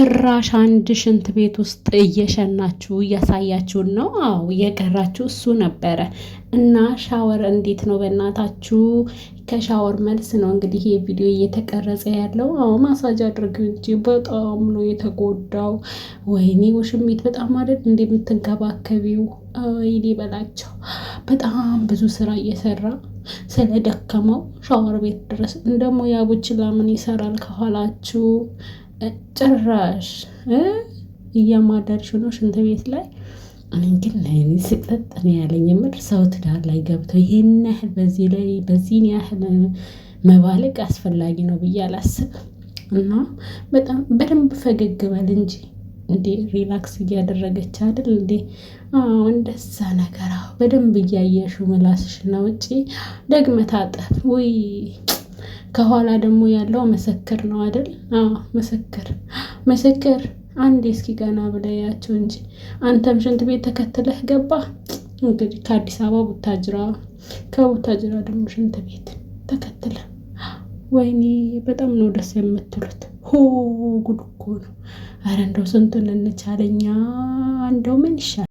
ጭራሽ አንድ ሽንት ቤት ውስጥ እየሸናችሁ እያሳያችሁን ነው። አዎ እየቀራችሁ እሱ ነበረ እና ሻወር እንዴት ነው በእናታችሁ? ከሻወር መልስ ነው እንግዲህ ይሄ ቪዲዮ እየተቀረጸ ያለው። አዎ ማሳጅ አድርግ እንጂ በጣም ነው የተጎዳው። ወይኔ ውሽሚት በጣም አይደል እንደምትንከባከቢው። ወይኔ በላቸው በጣም ብዙ ስራ እየሰራ ስለደከመው ሻወር ቤት ድረስ እንደሞ ያቡችላ ምን ይሰራል ከኋላችሁ ጭራሽ እያማዳርሽ ነው ሽንት ቤት ላይ እኔ ግን ለእኔ ስቅጠጥ ነው ያለኝ። የምር ሰው ትዳር ላይ ገብተው ይህን ያህል በዚህ ላይ በዚህን ያህል መባለቅ አስፈላጊ ነው ብዬ አላስብም። እና በጣም በደንብ ፈገግ በል እንጂ እንዴ ሪላክስ እያደረገች አይደል እንዴ? እንደዛ ነገር። በደንብ እያየሽው ምላስሽ ነው ውጪ ደግመ ታጠብ ውይ ከኋላ ደግሞ ያለው ምስክር ነው አይደል? አዎ መሰክር ምስክር አንዴ እስኪ ገና ብለያቸው እንጂ አንተም ሽንት ቤት ተከትለህ ገባ እንግዲህ ከአዲስ አበባ ቡታጅራ፣ ከቡታጅራ ደግሞ ሽንት ቤት ተከትለ። ወይኔ በጣም ነው ደስ የምትሉት። ሆ ጉድ እኮ ነው። ኧረ እንደው ስንቱን እንቻለኛ። እንደው ምን